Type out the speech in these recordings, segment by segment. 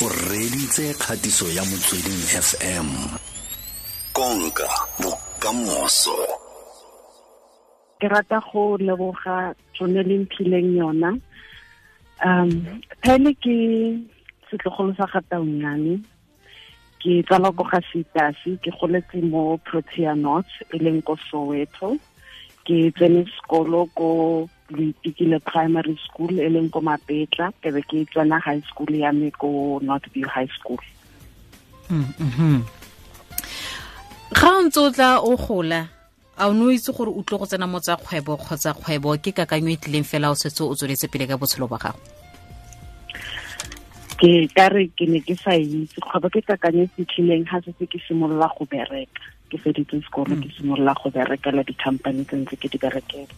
o reditse kgatiso ya motsweding fm konka bokamoso ke rata go leboga tsone le mphileng yona um pele ke setlogolo sa ga taunane ke tsala ko ga setasi ke goletse mo protea north e leng ko soweto ke tsene sekolo ko le primary school e leng ko mapetla ke be ke tsena high school ya me ko north view high school hmm, hmm, hmm. ga o ntse o tla o gola a o ne o itse gore o tle go tsena motsa kgwebo kgotsa kgwebo ke kakanyo e tlileng fela o setse o tsweletse pele ka botshelo ba gago ke ka re ke ne ke sa itse kgwebo ke kakanyo e fitlhileng ga setse ke simolola go bereka ke feditse sekolo ke simolola go berekela di-company tse ntse ke di berekela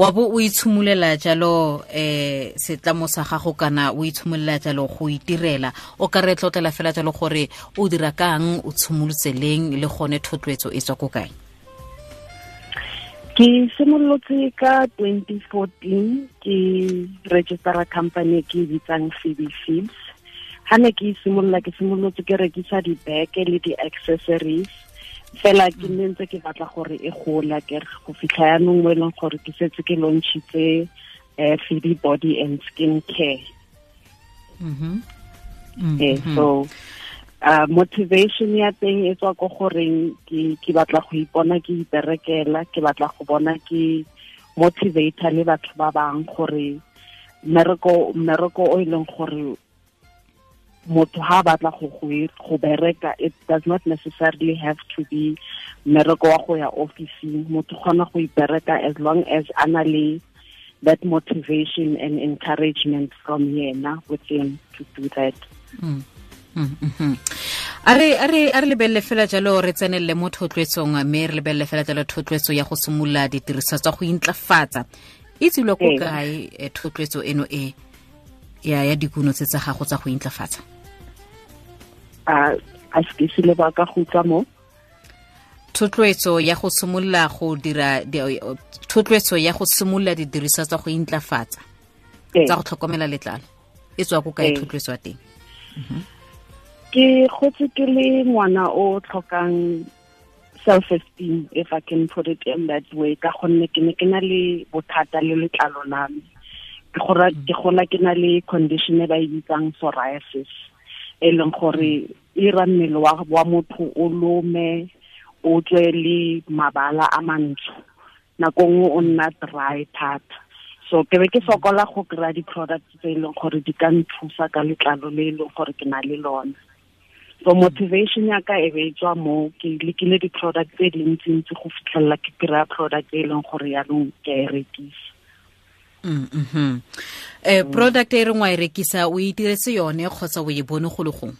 wa bo o itshomolela jalo um setlamo sa gago kana o itshomolela jalo go itirela o ka re tlotlela fela jalo gore o dira kang o tshimolotse le gone thotloetso e tswa ko kae ke simolotse ka 2014 ke registera company e ke e bitsang cb fibs ga ne ke simolola ke simolotse ke rekisa dibeke le di-accessories fela ke ne mm. ntse ke batla gore e gola ke re go fitlha yanong mo e leng gore ke setse ke launchitse um eh, fidi body and skin care mm -hmm. Mm so uh, motivation ya teng e tswa ko goreng ke batla go ipona ke iperekela ke batla go bona ke motivator le batho ba bang gore mmereko o e leng gore motho ha batla go e, go bereka it does not necessarily have to be mmereko wa go ya officing motho kgona go ipereka as long as ana le that motivation and encouragement from yena within to do that mm. a re lebelele fela jalo re tsenelele mo thotloetsong mme re lebelele fela jalo thotloetso ya go simolola ditiriso tsa go intlafatsa e tsilwa ko ee. kae eh, thotloetso eno e ya dikuno tse tsa gago tsa go intlafatsa a a sekesile ba ka mo thotloetso ya go go dira thotloetso ya go tsa go intlafatsa tsa go tlhokomela letlalo e tswa thotloetso teng mhm. ke gotse ke le ngwana o tlhokang self esteem if i can put it in that way ka gonne ke ne ke na le bothata le letlalo la me ke mm. gola ke na le condition e ba e bitsang psoriasis e leng gore e ra mmele wa motho o lome o tswe le mabala a mantsho nako nngwe o nna dry thata so ke be ke sokola go kry-a di-product tse e leng gore di ka nthusa ka letlalo le e leng gore ke na le lona so motivation ya ka e be e tswa mo ke lekile di-product tse dintsintsi go fitlhelela ke kry-a product e leng gore yanong ke a e rekisa mhm eh product e rengwa e rekisa o itiretse e yone kgotsa o e bone go legong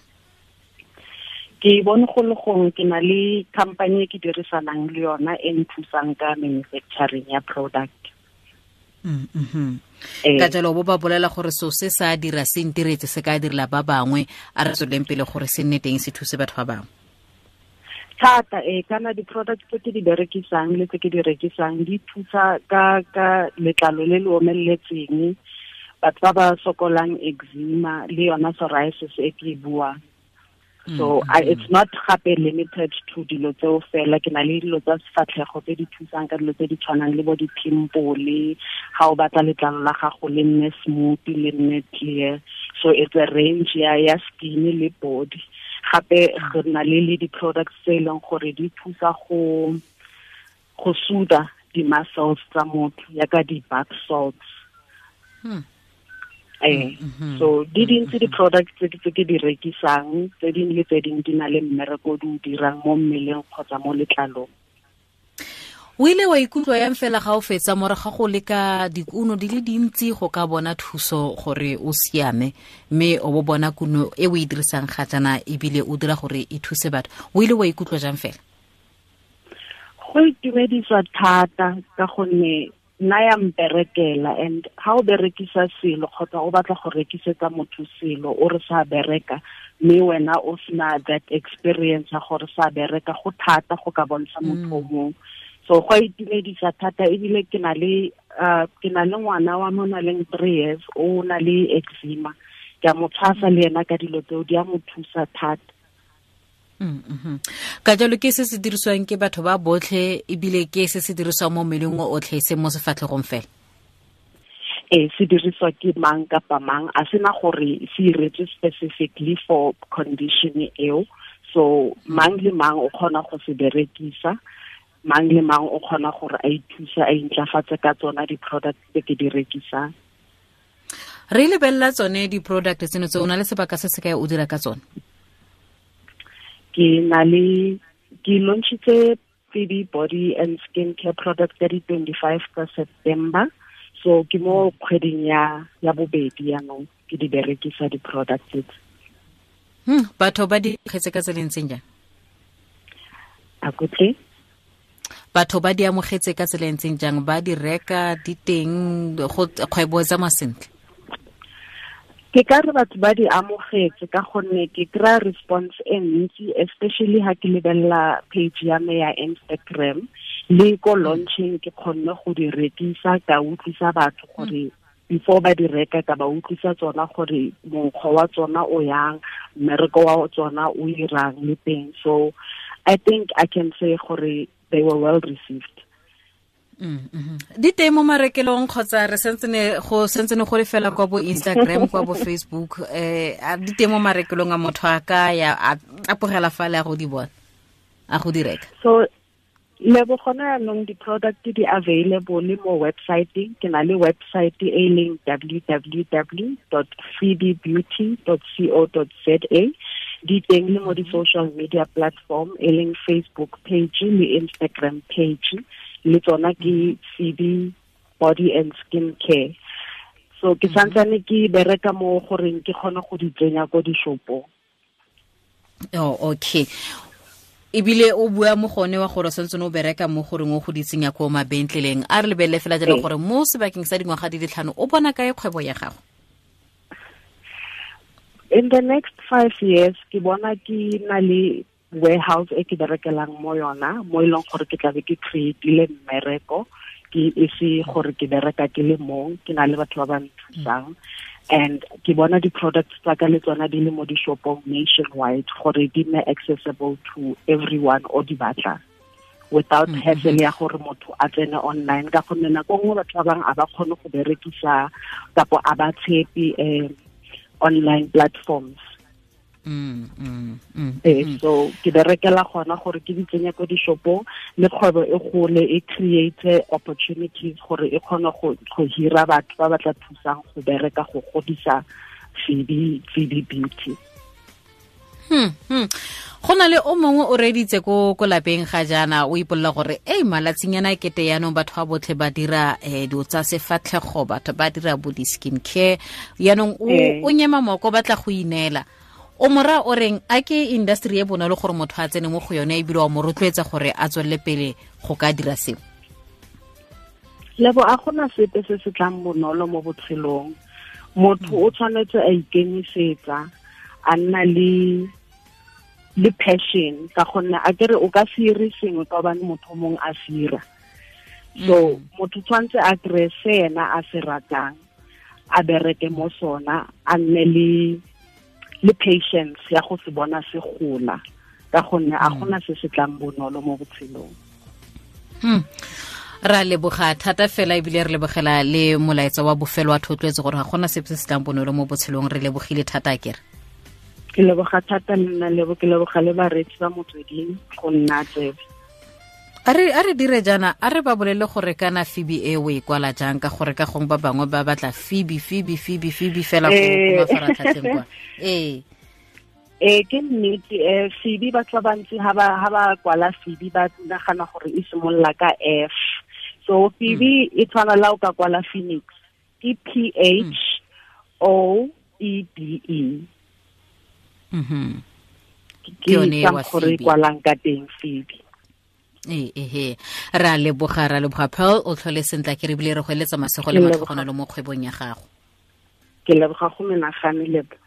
ke e bone go legong ke na le company e ke dirisanang le yona e nthusang ka manufacturing ya product mhm ka jalo bo ba bolela gore so se sa dira se ntiretse se ka direla ba bangwe a re tsweleng pele gore se nne teng se thuse batho ba bangwe thata e eh, kana di-product tse ke di berekisang le tse ke di rekisang di thusa ka ka letlalo le le omeleletseng batho ba ba sokolang eczema le yona psoriasis e ke buang so mm-hmm. it's not gape limited to dilo tseo fela ke na le dilo tsa sefatlhego tse di thusang ka dilo tse di tshwanang le bo di-pimpole ga o batla letlalo la gago le nne smooth le nne clear so it's a range ya ya skin le body gape re na le le di-products tse e leng gore di thusa go suda di-muscles tsa motho yaka di-back salts hmm. eh mm-hmm. so di dintsi di-product tse ke di rekisang tse dingwe le tse dingwe di na le mmereko di o dirang mo mmeleng kgotsa mo letlalong o ile wa ikutlwa yang fela ga o fetsa more ga go leka dikuno di le dintsi go ka bona thuso gore o siame mme o bo bona kuno e o e dirisang ga jana ebile o dira gore e thuse batho o ile wa ikutlwa jang fela go itumediswa thata ka gonne nna ya mperekela and ga o berekisa selo kgotsa o batla go rekisetsa motho selo o re sa bereka mme wena o sena that experience ya gore sa bereka go thata go ka bontsha motho o mm. mongwe so go itumedisa thata ebile ke na le uh, ke na le ngwana wa mo na leng three years o na le eczema ke a mo tshwasa le ena ka dilo tseo di a mo thusa thata mm, mm-hmm. ka jalo ke se se dirisiwang ke batho ba botlhe ebile ke se se dirisiwang mo mmeleng o otlhe se mo sefatlhegong fela e se diriswa ke mang kapa mang a sena gore se iretswe specifically for condition eo so mm. mang le mang o kgona go se berekisa mang le mang o kgona gore a ithusa a intlafatse ka tsona di-product tse ke di rekisang re lebelela tsone di-product tseno tse o na le sebaka se se kae o dira ka tsone ke na le ke launchitse pd body and skin care product ka di-twenty-five ka september so ke mo kgweding ya ya bobedi yaanong ke di berekisa di-product tse hmm, batho ba di ka tse lentseng jang a kutlwe batho ba di amogetse ka tsela e ntseng jang ba di reka di teng go kgwebo tsa masentle ke ka re batho ba di amogetse ka gonne ke kry a response e ntsi especially ha ke lebelela page ya me ya instagram le ko launching ke kgonne go di rekisa ka utlwisa batho gore before ba di reka ka ba utlwisa tsona gore mokgwa wa tsona o yang mmereko wa tsona o irang le teng so i think i can say gore they were well received mm, mm-hmm. di teng mo marekelong kgotsa re sentsene go sentsene fela kwa bo instagram kwa bo facebook eh di teng mo marekelong a motho a ka ya a a go di bona a go so le bo gona nong di product di available mo website ke na le website e leng di teng le mo di-social media platform e leng facebook page le instagram page le tsona ke cd body and skin care so ke mhm. santsane ke bereka mo goreng ke kgone go di tsenya ko dishopong oh okay ebile o bua mo gone wa gore sentse o bereka mo goreng o go di tsenya ko mabentleleng a re lebelele fela jalo gore mo sebakeng sa dingwaga di le tlhano o bona kae kgwebo ya gago in the next five years ke bona ke na le warehouse e ke berekelang mo yona mo e leng gore ke tlabe ke creatile mmereko ke e se gore ke bereka ke le mong ke na le batho ba ba nthusang and ke bona di-products tsa ka le tsona di le mo di-shopong nationwide gore di nne accessible to everyone o di batlang without mm -hmm. hassle ya gore motho a tsene online ka gonne nako nngwe batho ba bangwe a ba kgone go berekisa kapo a ba tshepe um online platforms mm, mm, mm, eh, so ke berekela gona gore ke di tsenya ko dishopong le kgwebo e gole e create opportunities gore e kgone go hira batho ba ba tla thusang go bereka go godisa fb beauty Hmm hmm. Gona le o mongwe o reditse ko ko lapeng ga jana o ipolla gore ei malatsing yana kete ya no batho ba botlhe ba dira eh di tsa sefatlhego batho ba dira body skin care ya no o nyema moko batla go inela. O mora o reng a ke industry e bona le gore motho a tsene mo go yone e bile wa morotloetsa gore a tswelle pele go ka dira seo. Lebo a gona sepe se se tlang bonolo mo botshelong. Motho o tshwanetse a ikemisetsa a nna le le passion ka gonne a kere o ka se ire sengwe ka bane motho mong a sira so mm. motho tshwantse a kry se ena a se ratang a bereke mo sona a nne le patience ya go se bona se gola ka gonne a mm. gona se se tlang bonolo mo botshelong hmm. ra leboga thata fela ebile re lebogela le molaetsa wa bofelo wa thotloetse gore ga gona sepe se se tlang bonolo mo botshelong re lebogile thata kere ke leboga thata nna lebo ke leboga le baretsi ba motsweding go nna tsebe a re dire jaana a re ba bolele gore kana phoebe e o e kwala jang ka gore ka gong ba bangwe ba batla phoebe phoebe phoebe phoebe fela go eh. mafaratlhatlheng kwa ee ee ke nnete um phoebe batho ba bantsi ga ba kwala phoebe ba nagana gore e simolola ka f so phoebe mm. e tshwana la o ka kwala phoenix ke p h o e d e Mm-hmm. ke ka e ka teng ehe eh, eh. ra leboga ra leboga pearl o tlhole sentla ke re bile re go eletsa masego le mo kgwebong ya gago ke leboga go menagane lebo